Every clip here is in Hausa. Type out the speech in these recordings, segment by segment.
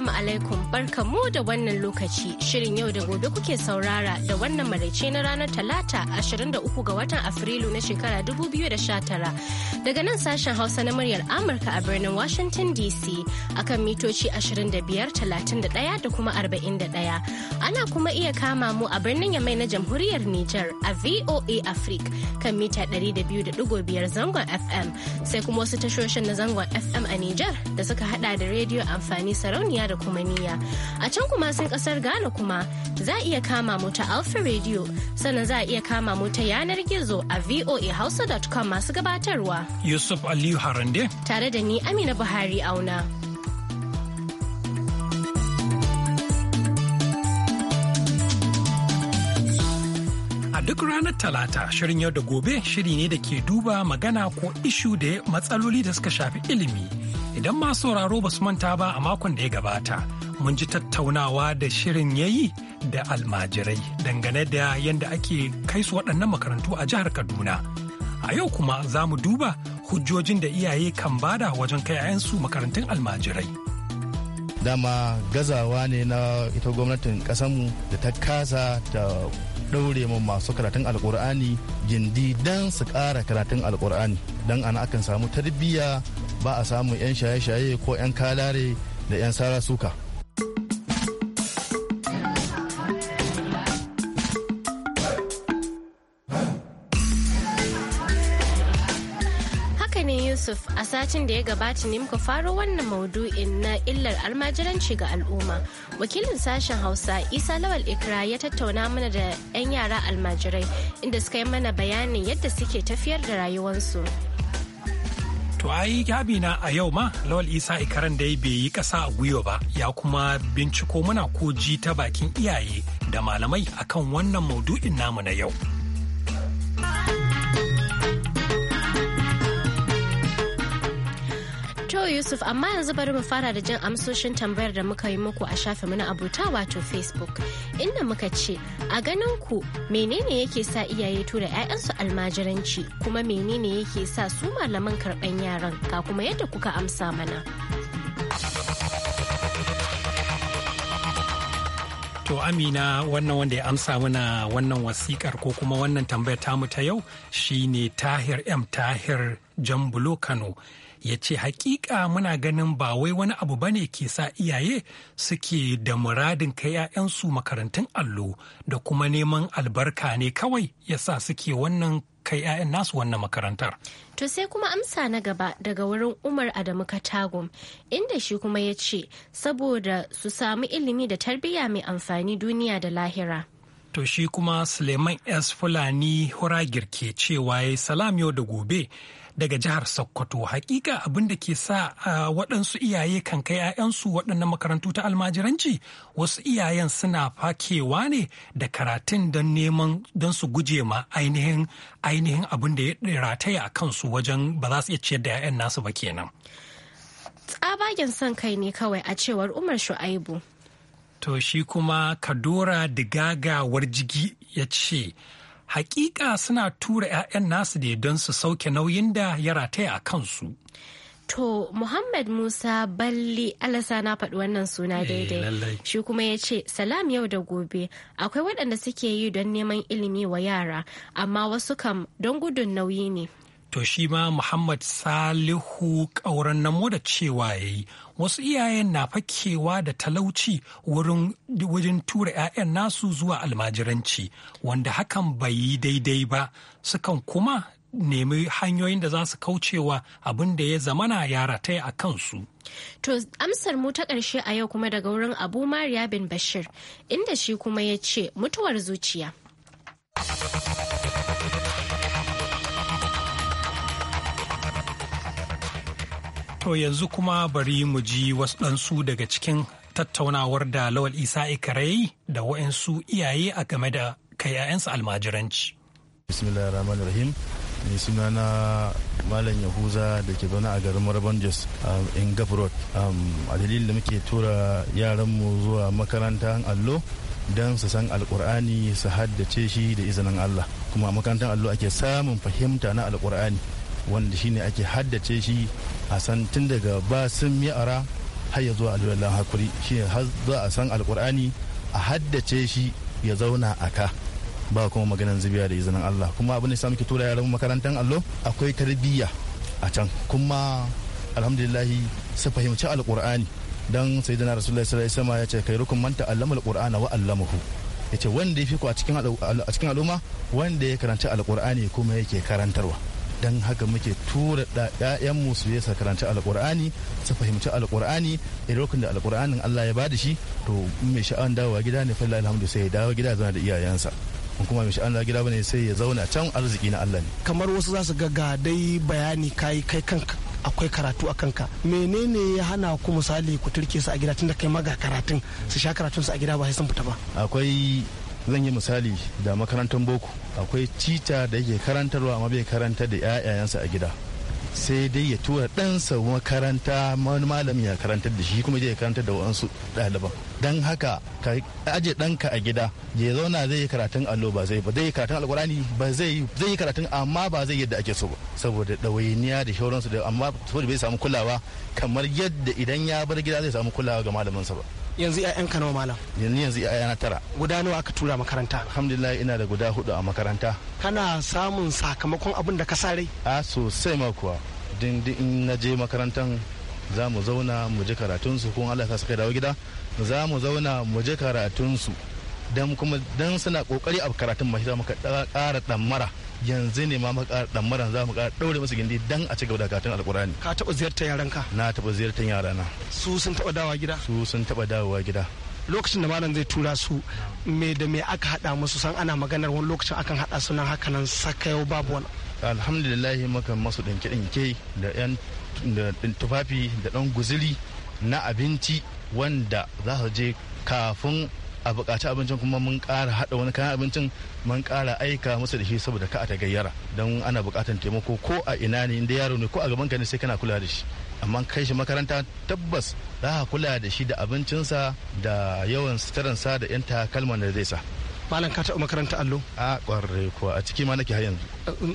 Assalamu alaikum mu da wannan lokaci shirin yau da gobe kuke saurara da wannan maraice na ranar talata 23 ga watan Afrilu na shekara 2019 daga nan sashen Hausa na muryar Amurka a birnin Washington DC akan mitoci 25-31 da kuma 41. Ana kuma iya kama mu a birnin Yamai na jamhuriyar Nijar a VOA Africa kan mita 200.5 zangon FM sai kuma wasu tashoshin na zangon FM a Nijar da suka hada da rediyo amfani sarauniya da kuma niyya. A can kuma sun kasar Ghana kuma za a iya kama mu ta Alpha Radio sannan za a iya kama mu ta yanar gizo a voahausa.com masu gabatarwa. Yusuf Aliyu Harande. Tare da ni Amina Buhari auna. duk ranar talata shirin yau da gobe shiri ne da ke duba magana ko ishu da matsaloli da suka shafi ilimi Idan masu sauraro ba su manta ba a makon da ya gabata, mun ji tattaunawa da shirin yayi da almajirai dangane da yadda ake kai su waɗannan makarantu a jihar Kaduna. A yau kuma za mu duba hujjojin da iyaye kan bada wajen kai 'ya'yansu makarantun almajirai. Dama gazawa ne na ita gwamnatin ƙasanmu da ta kasa ta ɗaure mu masu karatun alkur'ani gindi don su ƙara karatun alkur'ani don ana akan samu tarbiyya ba a samun 'yan shaye-shaye ko 'yan kalare da 'yan sara suka. Yusuf a satin da ya gabata ne muka faro wannan maudu'in na illar almajiranci ga al'umma. Wakilin sashen Hausa Isa Lawal Ikra ya tattauna mana da 'yan yara almajirai inda suka yi mana bayanin yadda suke tafiyar da rayuwarsu. To ai na a yau ma Lawal Isa Ikaran da bai yi ƙasa a gwiwa ba ya kuma binciko muna ko ji ta bakin iyaye da malamai akan wannan maudu'in namu na yau. To Yusuf amma yanzu bari mu fara da jin amsoshin tambayar da muka yi muku a shafinmu na abota wato Facebook inda muka ce a ganin ku menene yake sa iyaye tura 'ya'yansu almajiranci kuma menene yake sa su malaman karɓan yaran ga kuma yadda kuka amsa mana. To Amina wannan wanda ya amsa mana wannan wasikar ko kuma wannan tambayar tamu ta yau shine Tahir M Tahir Jambulo Kano ya ce hakika muna ganin ba wai wani abu bane ke sa iyaye suke da muradin kai 'ya'yansu makarantun allo da kuma neman albarka ne kawai ya sa suke wannan kai 'ya'yan nasu wannan makarantar. To sai kuma amsa na gaba daga wurin Umar Adamu Katagum inda shi kuma ya ce saboda su samu ilimi da tarbiyya mai amfani duniya da lahira. To shi kuma Suleiman S. Fulani Huragir ke cewa ya salam yau da gobe daga jihar Sokoto. Hakika abin da ke sa waɗansu iyaye kan kai 'ya'yansu waɗannan makarantu ta almajiranci wasu iyayen suna fakewa ne da karatun don neman don su guje ma ainihin ainihin abin da ya rataya a kansu wajen ba za su iya ciyar da 'ya'yan nasu ba kenan. Tsabagen son kai ne kawai a cewar Umar Shu'aibu. To shi kuma Kadora Digaga jigi ya ce, hakika suna tura 'ya'yan nasu ne don su sauke nauyin da ya rataya a kansu. To, Muhammad Musa Balli Alasa na faɗi wannan suna eh, daidai. Shi kuma ya ce, Salam yau da gobe, akwai waɗanda suke yi don neman ilimi wa yara, amma wasu kam don gudun nauyi ne. To, shi ma Muhammad Salihu ƙauran namo da cewa ya yi, wasu iyayen na fakewa da talauci wurin tura 'ya'yan nasu zuwa almajiranci wanda hakan bai yi daidai ba sukan kuma nemi hanyoyin da za su kaucewa abin da ya zamana yara ta a kansu. To amsar mu ta ƙarshe a yau kuma daga wurin Abu Mariya bin Bashir inda shi kuma ya ce mutuwar zuciya. To yanzu kuma bari mu ji wasu ɗansu daga cikin tattaunawar da Lawal Isa Ikarai da waɗansu iyaye a game da kai 'ya'yansu almajiranci. Bismillahirrahmanirrahim. mai suna na malam yahuza da ke zaune a garin marban jos um, in gabrod um, a dalilin da muke tura yaranmu zuwa makarantar allo don su san alkur'ani su haddace shi da izinin allah kuma a makarantar allo ake samun fahimta na alkur'ani wanda shine ake haddace shi a san tun daga basin mi'ara har ya zuwa alwalan hakuri shi har za a san alkur'ani a haddace shi ya zauna a ka ba kuma maganan zubiya da izinin Allah kuma abin da samu ki tura yaran makarantar allo akwai tarbiyya a can kuma alhamdulillahi su fahimci alkur'ani dan sayyidina rasulullahi sallallahu alaihi wasallam ya ce rukun man ta'allama alqur'ana wa 'allamahu yace wanda ya fi ku a cikin al'umma wanda ya karanta alkur'ani kuma yake karantarwa don haka muke tura ‘ya'yanmu su je su karanci alƙur'ani su fahimci alƙur'ani a lokacin da alƙur'anin Allah ya bada shi to mai sha'an dawowa gida ne falla alhamdu sai ya dawo gida zauna da iyayensa kun kuma mai sha'an gida bane sai ya zauna can arziki na Allah ne kamar wasu za su ga ga dai bayani kai kai kanka akwai karatu a kanka menene ya hana ku misali ku turke su a gida tunda kai maga karatun su sha karatun su a gida ba sai sun fita ba akwai zan yi misali da makarantar boko akwai cita da yake karantarwa amma bai karanta da 'ya'yayansa a gida sai dai ya tura ɗansa makaranta wani malami ya karantar da shi kuma ya karantar da wa'ansu ɗaliban don haka ka aje ɗanka a gida ya zauna zai yi karatun allo ba zai ba zai yi karatun alkurani ba zai yi karatun amma ba zai yadda ake so ba saboda ɗawainiya da shauransu da amma saboda bai samu kulawa kamar yadda idan ya bar gida zai samu kulawa ga malaminsa ba yanzu ƴaƴan ka nawa malam yanzu yanzu ƴaƴa na tara guda nawa aka tura makaranta alhamdulillah ina da guda hudu a makaranta kana samun sakamakon abin da ka sare a sosai ma kuwa dindin na je makarantan za mu zauna mu ji karatunsu kun Allah ya sa su kai dawo gida za mu zauna mu karatun karatunsu don kuma don suna kokari a karatun shi za mu kara damara yanzu ne ma mu kara ɗammara za mu kara daure musu gindi don a ci gaba da karatun alkurani ka taɓa ziyartar yaranka na taɓa ziyartar yarana su sun taɓa dawowa gida su sun taɓa dawowa gida lokacin da malam zai tura su me da me aka haɗa musu san ana maganar wani lokacin akan haɗa su nan haka nan sakayo babu wani alhamdulillah muka masu dinke dinke da 'yan tufafi da ɗan guzuri na abinci wanda za su je kafin a bukaci abincin kuma mun kara hada wani kayan abincin mun kara aika musu da shi saboda ka a ta gayyara don ana bukatan taimako ko a ina ne inda yaro ne ko a gaban ka ne sai kana kula da shi amma kai shi makaranta tabbas za ka kula da shi da abincinsa da yawan suturansa da yan takalman da zai sa malam ka taɓa makaranta allo a ƙwarai kuwa a ciki ma nake har yanzu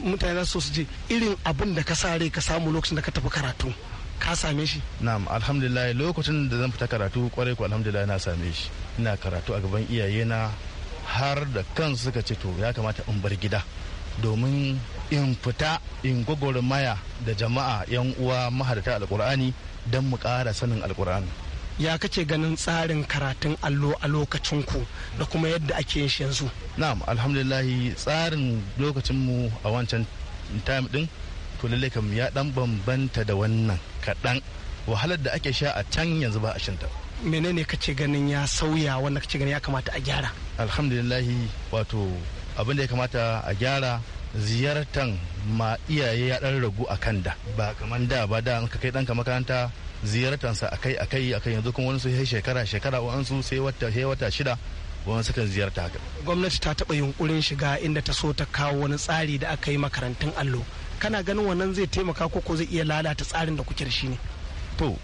mutane za su je irin abin da ka sare ka samu lokacin da ka tafi karatu ka same shi na'am alhamdulillah lokacin da zan fita karatu kwarai ko alhamdulillah na same shi ina karatu a gaban iyaye na har da kan suka ce to ya kamata in bar gida domin in fita in gogoro maya da jama'a yan uwa mahadata alkur'ani don mu ƙara sanin alkur'ani ya kace ganin tsarin karatun allo a lokacin ku da kuma yadda ake yin shi yanzu na'am alhamdulillah tsarin lokacin mu a wancan time din to lallai kam ya dan bambanta da wannan kaɗan wahalar da ake sha a can yanzu ba a shinta menene kace ganin ya sauya wannan kace ganin ya kamata a gyara alhamdulillah wato abin da ya kamata a gyara ziyartan ma iyaye ya dan ragu a kan da ba kaman da ba da ka kai danka makaranta ziyartansa akai akai akai yanzu kuma wani su sai shekara shekara wa'ansu sai wata sai wata shida wani suka ziyarta haka gwamnati ta taɓa yunkurin shiga inda ta so ta kawo wani tsari da aka yi makarantun allo kana ganin wannan zai taimaka ko zai iya lalata tsarin da kuke da shi ne to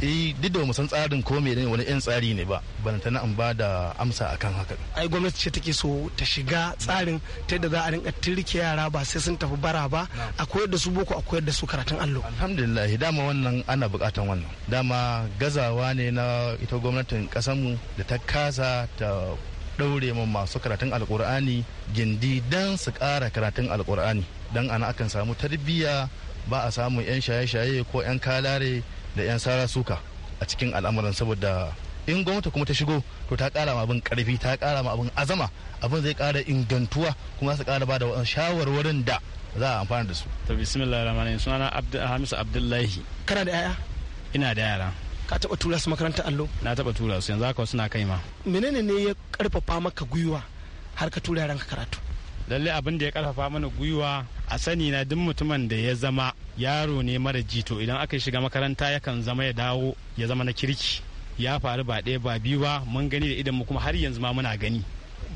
eh duk da san tsarin ko ne wani yan tsari ne ba ta na an ba da amsa akan haka ai gwamnati ce take so ta shiga tsarin ta yadda za a rinka tirke yara ba sai sun tafi bara ba a koyar da su boko a koyar da su karatun allo alhamdulillah dama wannan ana bukatan wannan dama gazawa ne na ita gwamnatin mu da ta kasa ta daure ma masu karatun alkur'ani gindi dan su kara karatun alkur'ani dan ana akan samu tarbiyya ba a samu 'yan shaye-shaye ko 'yan kalare da 'yan sara suka a cikin al'amuran saboda in gwamnati kuma ta shigo to ta kara ma abin karfi ta kara ma abin azama abin zai kara ingantuwa kuma su kara ba da shawarwarin da za a amfana da su to bismillahir rahmanir sunana ah, hamisu abdullahi kana da yaya ina da yara ka taba tura su makarantar allo na taba tura su yanzu haka suna kai ma menene ne ya karfafa maka gwiwa har ka tura yaranka karatu lalle abin da ya karfafa mana gwiwa a sani na duk mutumin da ya zama yaro ne mara jito idan aka shiga makaranta yakan zama ya dawo ya zama na kirki ya faru ba ɗaya ba biyu ba mun gani da idan mu kuma har yanzu ma muna gani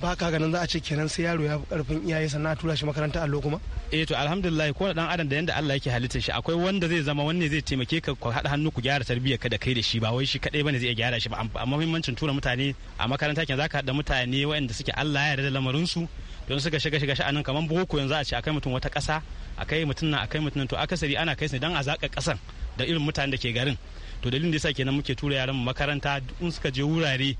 ba ka ganin za a ce kenan sai yaro ya karfin iyaye sannan a tura shi makaranta allo kuma eh to alhamdulillah ko dan adam da yanda Allah yake halittar shi akwai wanda zai zama wanne zai taimake ka ku hada hannu ku gyara tarbiyyar ka da kai da shi ba wai shi kadai bane zai gyara shi ba amma muhimmancin tura mutane a makaranta kenan zaka hada mutane waɗanda suke Allah ya yarda da lamarin su don suka shiga shiga sha'anin kamar boko yanzu a ce akai mutum wata kasa akai mutum na akai mutum to akasari ana kai su dan a zaka ƙasan da irin mutanen da ke garin to dalilin da yasa kenan muke tura yaran makaranta in suka je wurare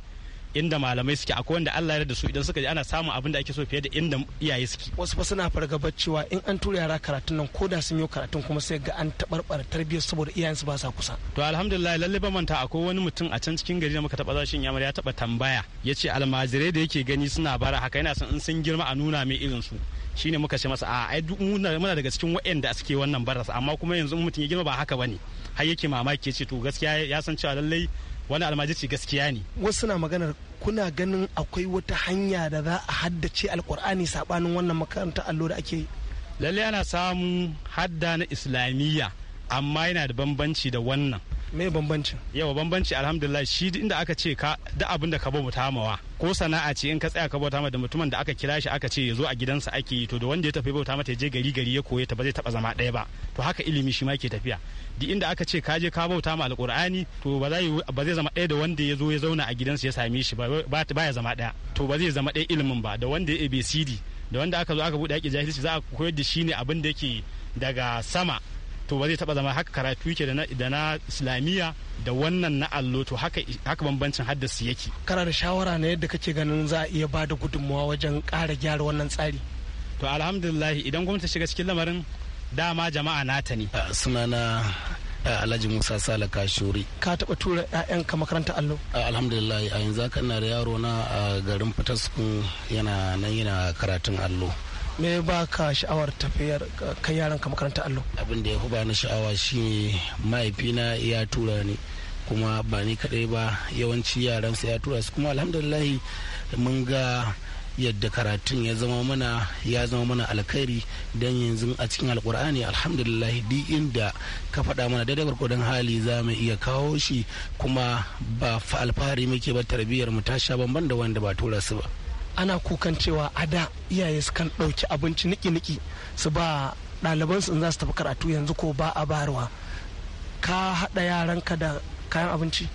inda malamai suke akwai wanda Allah ya da su idan suka je ana samun abin da ake so fiye da inda iyaye suke wasu fa suna fargabar cewa in an tura yara karatun nan koda sun yi karatun kuma sai ga an tabarbara tarbiyyar saboda iyayen su ba sa kusa to alhamdulillah lalle ba manta akwai wani mutum a can cikin gari da muka taba zashin yamar ya taba tambaya yace almajirai da yake gani suna bara haka yana son in sun girma a nuna mai irin su shine muka ce masa a ai muna daga cikin waɗanda suke wannan barasa amma kuma yanzu mutum ya girma ba haka bane har yake mamaki ce to gaskiya ya san cewa lallai wani almajirci gaskiya ne wasu na maganar kuna ganin akwai wata hanya da za a haddace alkur'ani sabanin wannan makaranta allo da ake yi lalle ana samun hadda na islamiyya amma yana da bambanci da wannan me bambancin yawa bambanci alhamdulillah shi inda aka ce ka da abin da ka bauta mutamawa ko sana'a ce in ka tsaya ka bauta ma da mutumin da aka kira shi aka ce ya zo a gidansa ake yi to da wanda ya tafi bauta mata ya je gari gari ya koye ta ba zai taba zama ɗaya ba to haka ilimi shi ma ke tafiya duk inda aka ce ka je ka bauta ma alqur'ani to ba zai ba zai zama ɗaya da wanda ya zo ya zauna a gidansa ya same shi ba ba ya zama ɗaya to ba zai zama ɗaya ilimin ba da wanda ya abcd da wanda aka zo aka bude aka jahilci za a koyar da shi ne abin da yake daga sama to ba zai taba zama haka karatu yake da na islamiyya da wannan na allo to haka bambancin haddasa yake kana da shawara na yadda kake ganin za a iya ba da gudunmawa wajen ƙara gyara wannan tsari to alhamdulillah idan gwamnati shiga cikin lamarin dama jama'a nata ne sunana alhaji musa sala kashuri ka taba tura ka makaranta allo alhamdulillah a yanzu haka ina da yaro na garin fataskun yana nan yana karatun allo me ba ka sha'awar tafiyar kai yaran ka makaranta allo abin da ya fi bani sha'awa shine mahaifina ya tura ni kuma ba ni kadai ba yawanci yaran sa ya tura su kuma alhamdulillah mun ga yadda karatun ya zama mana ya zama mana alkhairi dan yanzu a cikin alkur'ani alhamdulillah di inda ka faɗa mana daidai gwargwadon hali za mu iya kawo shi kuma ba alfahari muke ba tarbiyyar mu ta sha bamban da wanda ba tura su ba ana kukan cewa a da iyaye sukan ɗauki abinci niki-niki su ba ɗalibansu in za su tafi karatu yanzu ko ba a barwa ka haɗa yaranka da kayan abinci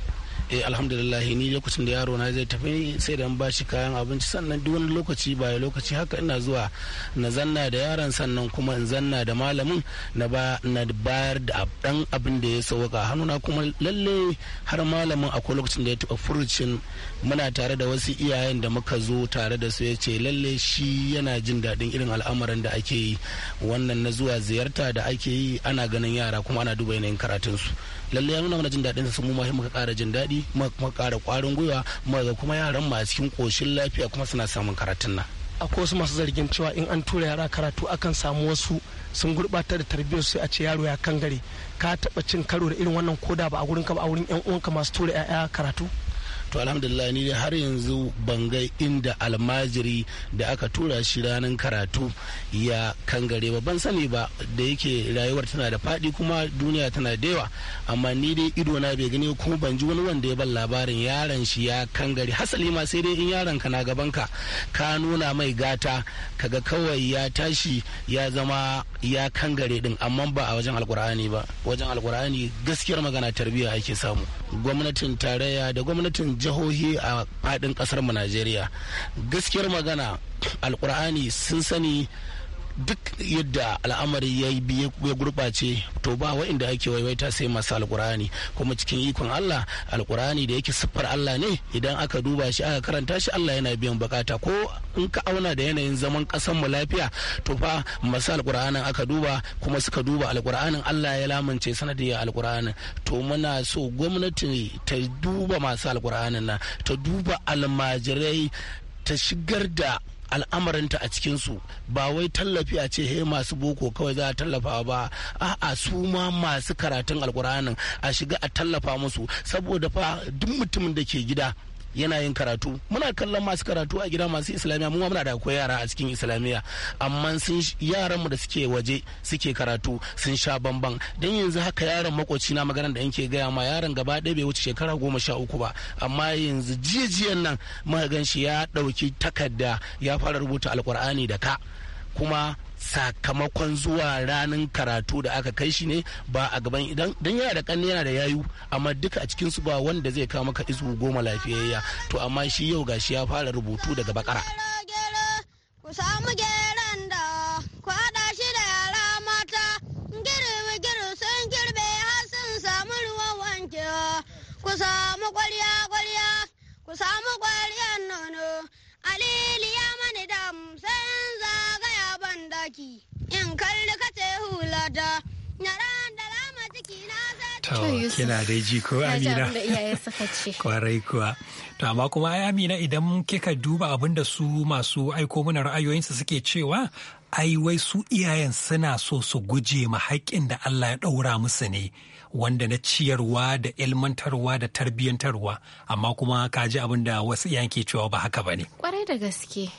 eh alhamdulillah ni lokacin da yaro na zai tafi sai da an ba shi kayan abinci sannan duk wani lokaci ba lokaci haka ina zuwa na zanna da yaron sannan kuma in zanna da malamin na ba na bayar da dan abin da ya sauka hannuna kuma lalle har malamin akwai lokacin da ya taba furucin muna tare da wasu iyayen da muka zo tare da su ya ce lalle shi yana jin daɗin irin al'amarin da ake yi wannan na zuwa ziyarta da ake yi ana ganin yara kuma ana duba yanayin karatunsu. su lallai ya nuna mana jin daɗin su mu ma muka ƙara jin daɗi kuma ƙara ƙwarin gwiwa muka ga kuma yaran masu cikin ƙoshin lafiya kuma suna samun karatun nan akwai wasu masu zargin cewa in an tura yara karatu akan samu wasu sun gurɓata da tarbiyyar sai a ce yaro ya kan gare ka taɓa cin karo da irin wannan koda ba a gurin ka ba a wurin yan uwanka masu tura 'ya'ya karatu to alhamdulillah ni har yanzu ban ga inda almajiri da aka tura shi ranar karatu ya kangare ba ban sani ba da yake rayuwar tana da faɗi kuma duniya tana da yawa amma ni dai ido na bai gani kuma ban ji wani wanda ya ban labarin yaron shi ya kangare hasali ma sai dai in yaron ka na gaban ka ka nuna mai gata ka ga kawai ya tashi ya zama ya kangare din amma ba a wajen alkur'ani ba wajen alkur'ani gaskiyar magana tarbiyya ake samu gwamnatin tarayya da gwamnatin jihohi a faɗin ƙasar mu najeriya gaskiyar magana alkur'ani sun sani duk yadda al'amari ya yi ya gurɓace to ba wa'inda ake waiwaita sai masu alkurani kuma cikin ikon Allah alkurani da yake siffar Allah ne idan aka duba shi aka karanta shi Allah yana biyan bukata ko in ka auna da yanayin zaman kasan mu lafiya to fa masu alkur'anin aka duba kuma suka duba alkur'anin Allah ya lamince sanadiyar alkur'anin to muna so gwamnati ta duba masu alkur'anin nan ta duba almajirai ta shigar da al'amarinta a cikinsu ba wai tallafi a ce he masu boko kawai za a tallafa ba a'a su ma masu karatun alkur'anin a shiga a tallafa musu saboda fa duk mutumin da ke gida yana yin karatu muna kallon masu karatu a gida masu islamiyya mu muna da akwai yara a cikin islamiyya amma sun yaran mu da suke waje suke karatu sun sha bamban dan yanzu haka yaran makoci na magana da yake gaya ma yaran gaba ɗaya bai wuce shekara goma sha uku ba amma yanzu jijiyan nan muka gan shi ya ɗauki takarda ya fara rubuta alkur'ani da ka kuma sakamakon zuwa ranar karatu da aka kai shi ne ba a gaban idan dan yana da kanne yana da yayu amma duka a cikin su ba wanda zai kawo maka izu goma lafiyayya to amma shi yau gashi ya fara rubutu daga bakara ku samu geran da ku hada shi da yara mata girbi girbi sun girbe har sun samu ruwan wankewa ku samu kwarya kwarya ku samu kwaryan nono aliliya mani dam sun zaga zaki. In kalli ka ce da na ran da lama ciki na To, kina dai ji ko Amina? Kwarai kuwa. To, amma kuma ai Amina idan kika duba abin da su masu aiko mana ra'ayoyinsu suke cewa ai wai su iyayen suna so su guje ma haƙƙin da Allah ya ɗaura musu ne. wanda na ciyarwa da ilmantarwa da tarbiyyantarwa amma kuma ka ji abin da wasu yanke cewa ba haka ba ne. Kwarai da gaske,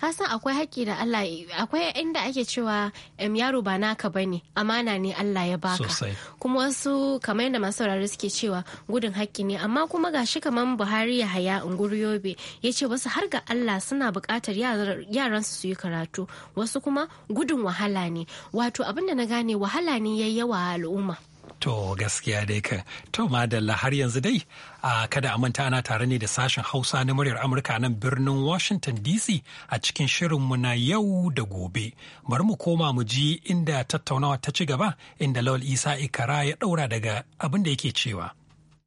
ka san akwai haƙƙi da Allah akwai inda ake cewa em yaro ba naka ba ne amana ne Allah ya baka. Sosai. Kuma wasu kamar yadda masu saurari suke cewa gudun haƙƙi ne amma kuma ga shi kamar Buhari ya haya Yobe ya ce wasu har ga Allah suna buƙatar yaransu su yi karatu wasu kuma gudun wahala ne wato abin da na gane wahala ne yayi yawa al'umma. To gaskiya dai kan. To madalla har yanzu dai a kada a manta ana tare ne da sashen Hausa na muryar Amurka nan birnin Washington DC a cikin shirinmu na yau da gobe. Bari mu koma mu ji inda tattaunawa ta ci gaba inda Lawal Isa Ikara ya daura daga abin da yake cewa.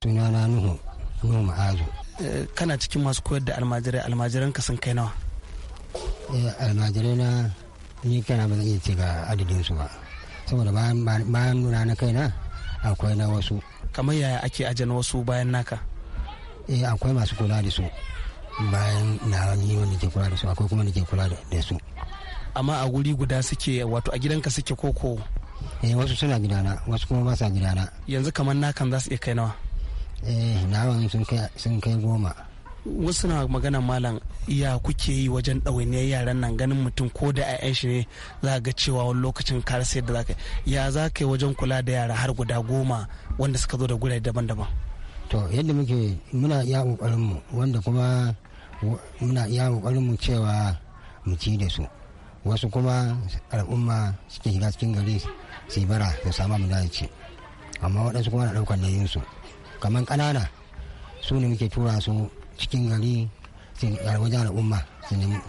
Sunana Nuhu, Nuhu Ma'azu. Eh, kana cikin masu koyar da almajirai almajiran ka sun kai nawa? Eh, almajirai na ni kana ba zan iya ce ga adadinsu ba. Saboda bayan nuna na kaina akwai na wasu kamar yaya ake aje na wasu bayan naka eh akwai masu kula da su bayan na ni wani ke kula da su akwai kuma da ke kula da su amma a guri guda suke wato a gidanka suke koko eh wasu suna gidana wasu kuma ba sa gidana yanzu kamar nakan za su iya kai nawa eh nawan sun kai sun kai goma wasu na magana malam iya kuke yi wajen ɗawainiyar yaran nan ganin mutum ko da 'ya'yan shi ne za ga cewa wani lokacin kar sai da za ya za ka yi wajen kula da yara har guda goma wanda suka zo da gurare daban-daban to yadda muke muna iya kokarin mu wanda kuma muna iya kokarin mu cewa mu ci da su wasu kuma al'umma suke shiga cikin gari su yi bara su samu abin da ci amma waɗansu kuma na ɗaukar nayin su kamar ƙanana su ne muke tura su cikin gari a wajen al'umma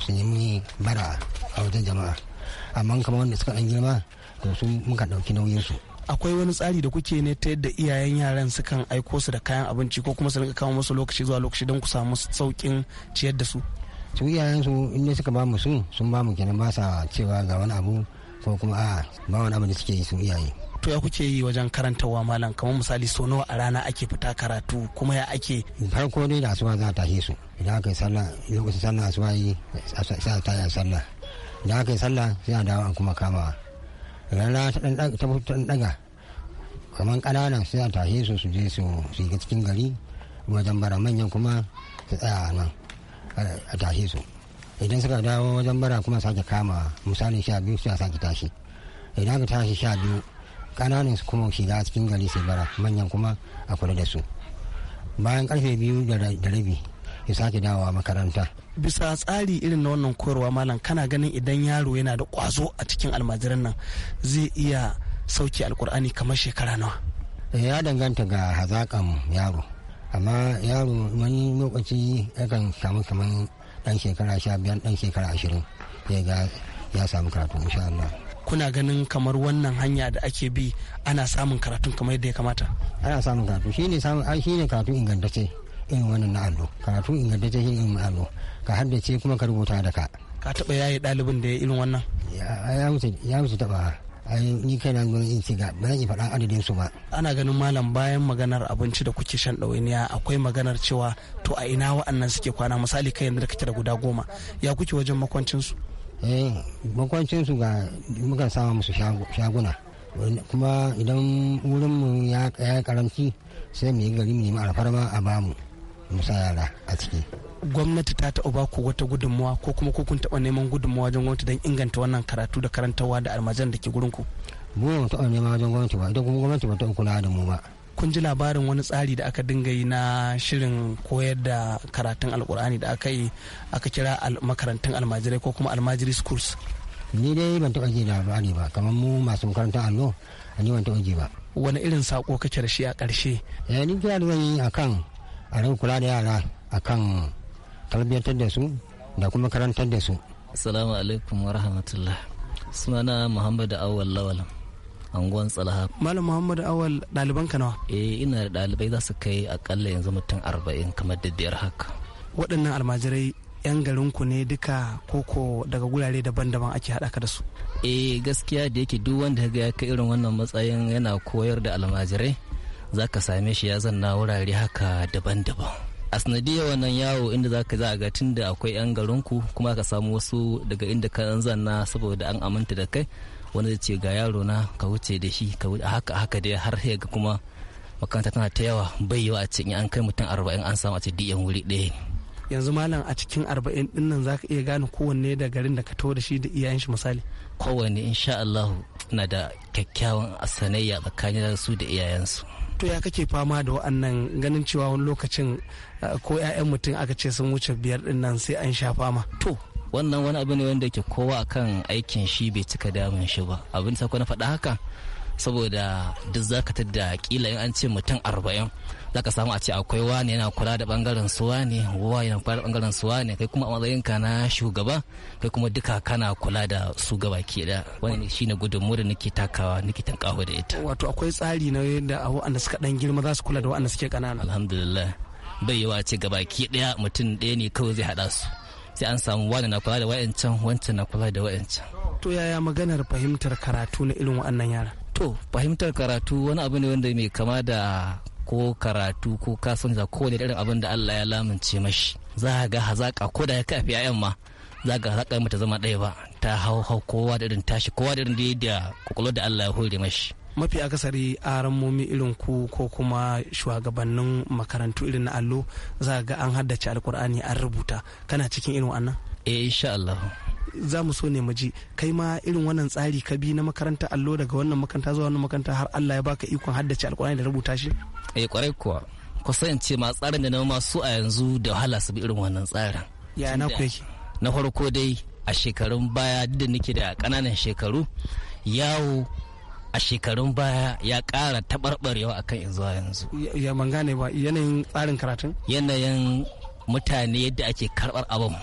su nemi bara a wajen jama'a amma kamar wanda suka dan girma to su muka ɗauki nauyinsu akwai wani tsari da kuke ne ta yadda iyayen yaran sukan aiko su da kayan abinci ko kuma su rinka kawo musu lokaci zuwa lokaci don ku samu saukin ciyar da su su iyayen su inda suka ba mu su sun ba mu kenan ba sa cewa ga wani abu ko kuma a ba wani abu da suke yi su iyaye to ya kuke yi wajen karantarwa malam kamar misali so nawa a rana ake fita karatu kuma ya ake farko ne da asuba za a tashe su idan aka yi sallah lokacin sallah asuba yi sai a taya sallah idan aka yi sallah sai a dawo an kuma kamawa rana ta dan daga kamar kanana sai a tashe su su je su shiga cikin gari wajen bara manyan kuma su tsaya nan a tashe su idan suka dawo wajen bara kuma sake kama misali sha biyu sai a sake tashi idan aka tashi sha biyu kananan kuma shiga cikin gari sai bara manyan kuma a kula da su bayan karfe biyu da rabi ya sake dawowa makaranta bisa tsari irin na wannan koyarwa malam kana ganin idan yaro yana da kwazo a cikin almajiran nan zai iya sauke alkur'ani kamar shekara nawa eh, ya danganta ga hazakan yaro amma yaro wani lokaci yakan samu kamar dan shekara sha biyar dan shekara ashirin ya ga ya samu karatu insha kuna ganin kamar wannan hanya da ake bi ana samun karatun kamar yadda ya kamata ana samun karatu shine samun shine karatu ingantacce irin wannan na allo karatu ingantacce shi irin allo ka haddace kuma ka rubuta da ka ka taba yayi dalibin da ya irin wannan ya wuce ya wuce taba ni kai nan gurin in ga ba zan faɗa adadin su ba ana ganin malam bayan maganar abinci da kuke shan ɗawainiya akwai maganar cewa to a ina wa'annan suke kwana misali kai yanzu da kake da guda goma ya kuke wajen makwancin su eh makwancin su ga muka sama musu shaguna kuma idan wurin mu ya karamci sai mu yi gari mu nemi alfarma a bamu musa yara a ciki gwamnati ta taɓa ba ku wata gudunmawa ko kuma kun taɓa neman gudunmawa wajen gwamnati don inganta wannan karatu da karantarwa da almajan da ke gurinku. ku mu ba taɓa neman wajen gwamnati ba idan kuma gwamnati ba ta kula da mu ba kun ji labarin wani tsari da aka dinga yi na shirin koyar da karatun alkur'ani da aka yi aka kira makarantun almajirai ko kuma almajiri schools ni dai ban taɓa ji labari ba kamar mu masu makarantar allo ni ban taɓa ji ba wani irin sako kake da shi a ƙarshe eh ni kira da zan yi akan a rin kula da yara akan talbiyantar da su da kuma karantar da su assalamu alaikum wa rahmatullah sunana muhammad awwal lawalan anguwan tsalaha malam muhammad awal ɗaliban ka nawa eh ina da ɗalibai za su kai akalla yanzu mutum arba'in kamar da haka waɗannan almajirai yan garin ku ne duka koko daga gurare daban-daban ake haɗa ka da su eh gaskiya da yake duk wanda ya kai irin wannan matsayin yana koyar da almajirai za ka same shi ya zanna wurare haka daban-daban a sanadiyar wannan yawo inda za ka za ga tun da akwai 'yan garinku kuma ka samu wasu daga inda ka zanna saboda an aminta da kai wani zai ce ga yaro na ka wuce da shi ka wuce haka haka dai har sai ga kuma makaranta tana ta yawa bai yawa a cikin an kai mutum arba'in an samu a cikin diyan wuri ɗaya yanzu malam a cikin arba'in din nan za ka iya gane kowanne da garin da ka to da shi da iyayen shi misali kowanne insha Allah na da kyakkyawan sanayya tsakanin su da iyayensu to ya kake fama da wa'annan ganin cewa wani lokacin eh, ko 'ya'yan mutum aka ce sun wuce biyar din nan sai an sha fama to wannan wani abu ne wanda ke kowa akan aikin shi bai cika damun shi ba abin sa na faɗa haka saboda duk zaka tadda kila in an ce mutum arba'in zaka samu a ce akwai wani yana kula da bangaren suwa ne wa yana kula da bangaren suwa ne kai kuma a matsayin ka na shugaba kai kuma duka kana kula da su gaba ke da wani shine gudunmu da nake takawa nake tankawa da ita wato akwai tsari na yadda a waɗanda suka dan girma za su kula da waɗanda suke ƙanana alhamdulillah bai yawa ce gabaki ɗaya mutum ɗaya ne kawai zai haɗa su sai an samu wani na kula da wayancan wancan na kula da wayancan to yaya maganar fahimtar karatu na irin wa'annan yara to fahimtar karatu wani abu ne wanda mai kama da ko karatu ko kasan da kowane irin abin da Allah ya lamince mashi za ga hazaka ko da ya kafi yayan ma za ga hazaka mata zama ɗaya ba ta hau hau kowa da irin tashi kowa da irin da kokolwar da Allah ya hore mashi mafi akasari ramomi irin ku ko kuma shugabannin makarantu irin na allo za ga an haddace alkur'ani an rubuta kana cikin irin wannan e insha Allah za mu so ne mu ji kai ma irin wannan tsari ka bi na makaranta allo daga wannan makaranta zuwa wannan makaranta har Allah ya baka ikon haddace alkur'ani da rubuta shi e eh, kwarai kuwa ce ma tsarin da na masu a yanzu da wahala su bi irin wannan tsarin ya na ku yake na farko dai a shekarun baya duk da nake da kananan shekaru yawo a shekarun baya ya ƙara taɓarɓarewa akan in zuwa yanzu. Ya manga ne ba yanayin tsarin karatun? Yanayin mutane yadda ake karɓar abin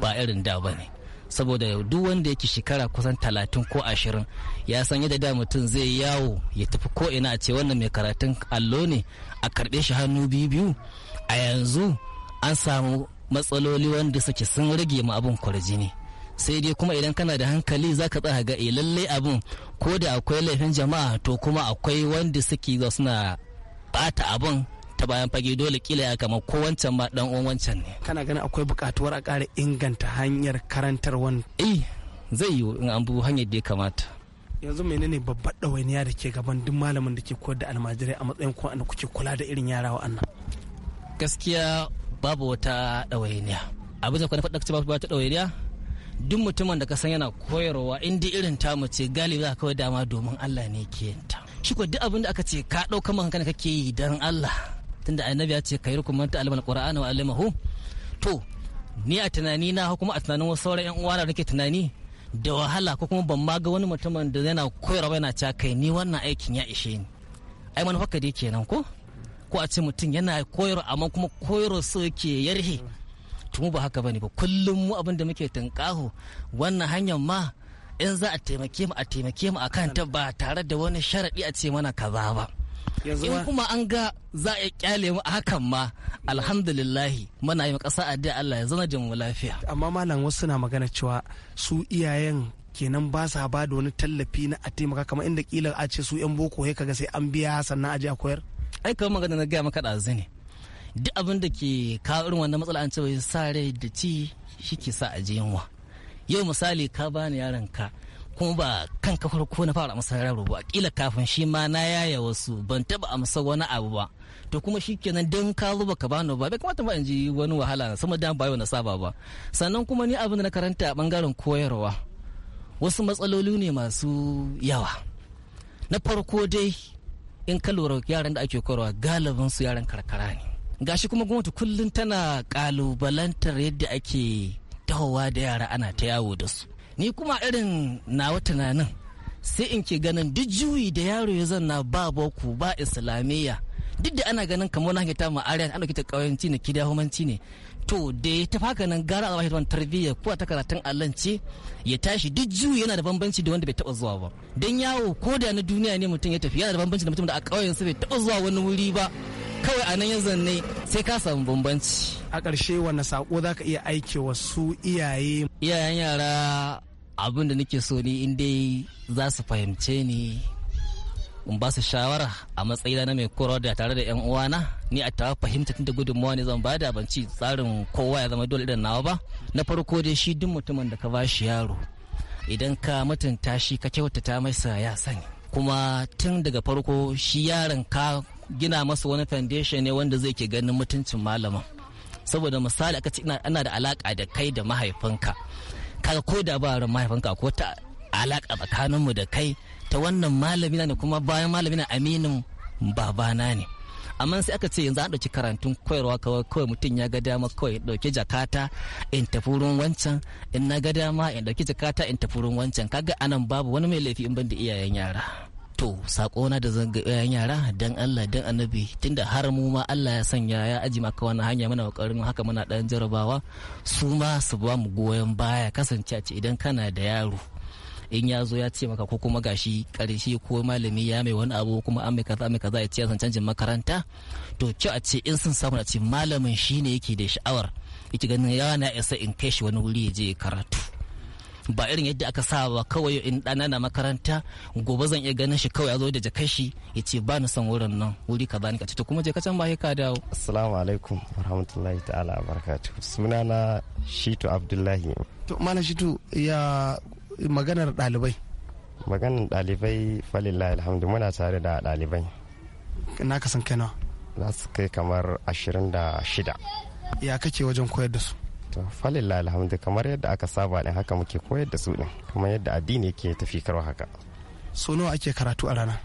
ba irin da ba ne. saboda duk wanda yake shekara kusan talatin ko ashirin ya san yadda da mutum zai yawo ya tafi ko ina a ce wannan mai karatun allo ne a karɓe shi hannu biyu biyu a yanzu an samu matsaloli wanda suke sun rage ma abin kwarjini sai dai kuma idan kana da hankali za ka tsaya ga e lalle abin ko da akwai laifin jama'a to kuma akwai wanda suke za suna bata abin ta bayan fage dole kila ya kama ko wancan ma dan uwan wancan ne kana ganin akwai buƙatuwar a ƙara inganta hanyar karantar wani eh zai yi in an bu hanyar da ya kamata yanzu menene babbar ɗawainiya da ke gaban duk malamin da ke koyar da almajirai a matsayin ko da kuke kula da irin yara wa'annan gaskiya babu wata ɗawainiya abin da kwana faɗa cewa babu wata ɗawainiya duk mutumin da ka san yana koyarwa in irin ta mace galibi za kawai dama domin Allah ne ke ta shi ko duk abin da aka ce ka ɗauka man kanka kake yi dan Allah tunda annabi ya ce yi rukuman ta almal qur'ana wa alimahu to ni a tunani na kuma a tunanin wasu sauran yan uwa da nake tunani da wahala ko kuma ban ma ga wani mutumin da yana koyarwa yana cewa kai ni wannan aikin ya ishe ni ai manufarka dai kenan ko ko a ce mutum yana koyarwa amma kuma koyarwa so yake yarhe mu ba haka bane ba kullum mu abin da muke tunkaho wannan hanyar ma in za a taimake mu a taimake mu akan ta ba tare da wani sharaɗi a ce mana kaza ba in kuma an ga za a kyale mu a hakan ma alhamdulillahi muna yi ƙasa da Allah ya zama da mu lafiya amma malam wasu na magana cewa su iyayen kenan ba sa ba da wani tallafi na a taimaka kamar inda kila a ce su yan boko ya kaga sai an biya sannan a je a koyar ai kamar magana na gaya maka ɗazu azini duk abin da ke kawo irin wannan matsala an ce wai sa rai da ci shi ke sa a yunwa yau misali ka bani yaron ka kuma ba kan ka farko na fara masa yaro ba kila kafin shi ma na yaya wasu ban taba amsa wani abu ba to kuma shikenan don ka zo baka bani ba bai kamata ba in ji wani wahala na sama da bayo na saba ba sannan kuma ni abin da na karanta a bangaren koyarwa wasu matsaloli ne masu yawa na farko dai in ka lura yaran da ake koyarwa galibin su yaran karkara ne gashi kuma gwamnati kullum tana kalubalantar yadda ake dawowa da yara ana ta yawo da su ni kuma irin na wata tunanin sai in ke ganin duk juyi da yaro ya zanna ba boko ba islamiyya duk da ana ganin kamar na hankita ma ariyan an kita kawanci ne kidahumanci ne to da ya tafi ganin gara a bashi wani tarbiyya ko ta karatun ce ya tashi duk juyi yana da bambanci da wanda bai taba zuwa ba Don yawo ko da na duniya ne mutum ya tafi yana da bambanci da mutum da a kauyen sa bai taba zuwa wani wuri ba kawai a nan yanzu ne sai ka samu bambanci a ƙarshe wanne sako za ka iya aike wasu iyaye iyayen yara abin da nake so ni in dai za su fahimce ni in ba su shawara a matsayina na mai korar da tare da yan uwana ni a tawa fahimta tun da gudunmawa ne zan bada ci tsarin kowa ya zama dole idan nawa ba na farko dai shi duk mutumin da ka ba shi yaro idan ka mutunta shi ka kyautata masa ya sani kuma tun daga farko shi yaron ka gina masa wani foundation ne wanda zai ke ganin mutuncin malamin saboda misali aka ce ana da alaka da kai da mahaifinka kaga ko da ba ran mahaifinka ko ta alaka tsakaninmu da kai ta wannan malamina ne kuma bayan malamina aminin babana ne amma sai aka ce yanzu an ɗauki karantun koyarwa kawai mutum ya ga dama kawai ɗauki jakata in tafi wancan in na ga dama in ɗauki jakata in tafi wancan kaga anan babu wani mai laifi in ban da iyayen yara. to sakona da zan ga yara dan Allah dan annabi tunda har mu ma Allah ya sanya ya aji maka wannan hanya mana kokarin haka muna dan jarabawa su ma su ba mu goyon baya kasance a ce idan kana da yaro in ya zo ya ce maka ko kuma gashi karshe ko malami ya mai wani abu kuma an mai kaza mai kaza ya ce san canjin makaranta to ki a ce in sun samu na ce malamin shine yake da sha'awar yake ganin na isa in kai shi wani wuri ya je karatu ba irin yadda aka sa ba kawai in ɗana na makaranta gobe zan iya ganin shi kawai a zo da jakar shi ya ce ba ni son wurin nan wuri ka bani ka to kuma je ka can ba ka dawo assalamu alaikum warahmatullahi ta'ala barakatuh na shitu abdullahi to mana shitu ya maganar ɗalibai maganar ɗalibai falillahi alhamdu muna tare da ɗalibai na kasan kai nawa za su kai kamar ashirin da shida ya kake wajen koyar da su to falillah alhamdu kamar yadda aka saba ne haka muke koyar da su ne kamar yadda addini ke tafi karwa haka so nawa ake karatu a rana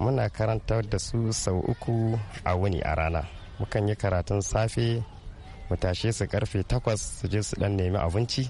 muna karanta da su sau uku a wuni a rana mukan yi karatun safe mu tashe su karfe takwas su je su dan nemi abinci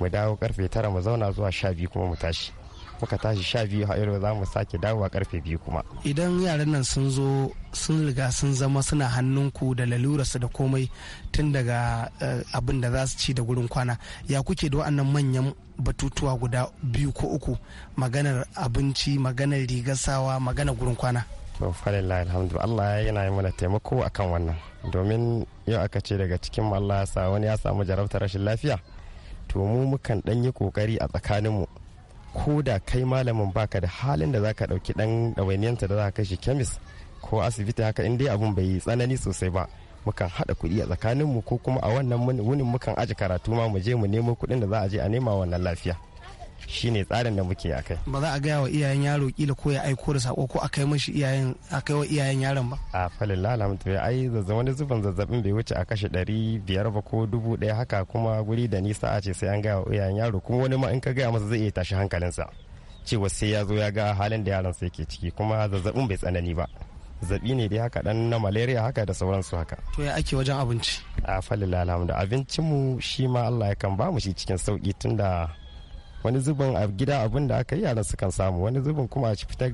mu dawo karfe tara mu zauna zuwa sha biyu kuma mu tashi kuka tashi sha biyu a yau za mu sake dawowa karfe biyu kuma idan yaran nan sun zo sun riga sun zama suna hannunku da lalurarsu da komai tun daga eh, abin da za su ci da gurin kwana ya kuke da wa'annan manyan batutuwa guda biyu ko uku maganar abinci maganar rigar sawa maganar gurin kwana to falillah ya Allah yana yi mana taimako akan wannan domin yau aka ce daga cikin Allah ya sa wani ya samu jarabtar rashin lafiya to mu mukan dan yi kokari a tsakaninmu ko da kai malamin baka da halin da zaka ɗauki ɗan dawainiyanta da zaka kashi kemis ko asibiti haka in dai abun bai yi tsanani sosai ba mukan haɗa kuɗi a tsakaninmu ko kuma a wannan wunin mukan aji karatu ma mu je mu nemo kuɗin da za a je a nema wannan lafiya shi ne tsarin da muke akai ba za a gaya wa iyayen yaro kila ko ya aiko da sako ko a kai mashi iyayen a kai wa iyayen yaron ba a falin ai zazzabin wani zuban zazzabin bai wuce a kashe ɗari biyar ba ko dubu ɗaya haka kuma guri da nisa a ce sai an gaya wa iyayen yaro kuma wani ma in ka gaya masa zai iya tashi hankalinsa cewa sai ya zo ya ga halin da yaron sa yake ciki kuma zazzabin bai tsanani ba zabi ne dai haka dan na malaria haka da sauransu haka to ya ake wajen abinci a falilla abincinmu shi ma Allah ya kan mu shi cikin sauki tunda wani zubin a gida abin da aka yi yaran sukan samu wani zubin kuma a fita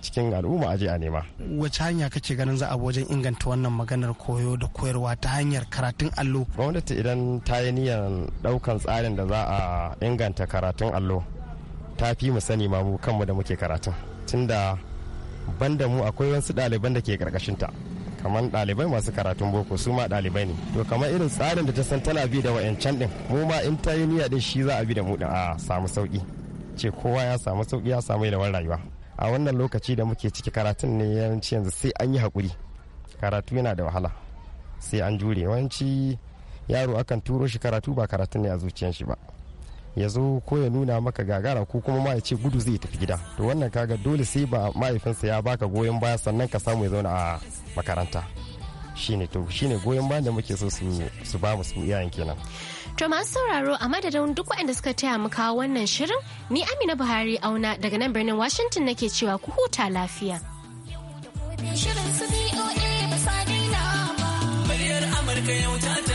cikin al'umma aje a nema wace hanya kake ganin za a wajen inganta wannan maganar koyo da koyarwa ta hanyar karatun allo gwamnati idan ta yi niyyar daukan tsarin da za a inganta karatun allo ta fi mu sani ma mu kanmu da muke karatun tunda banda mu akwai wasu ɗaliban da ke karkashinta kamar ɗalibai masu karatun boko su ma ɗalibai ne to kamar irin tsarin da ta san tana bi da wayancan ɗin mu ma in ta yi niyya ɗin shi za a bi da mu ɗin a samu sauki ce kowa ya samu sauki ya samu yalwar rayuwa a wannan lokaci da muke ciki karatun ne yawanci yanzu sai an yi hakuri karatu yana da wahala sai an jure yawanci yaro akan turo shi karatu ba karatun ne a zuciyar shi ba ya zo ko ya nuna maka gagara ko kuma ma ya ce gudu zai tafi gida to wannan kaga dole sai ba mahaifinsa ya baka goyon baya sannan ka samu ya zauna a makaranta shine to shine goyon bayan da muke so su ba mu su iyayen kenan To masu sauraro a madadin duk waɗanda suka taya mu kawo wannan shirin ni Amina Buhari auna daga nan birnin Washington nake cewa ku huta lafiya. Shirin su BOA ba sa ba. Amurka yau ta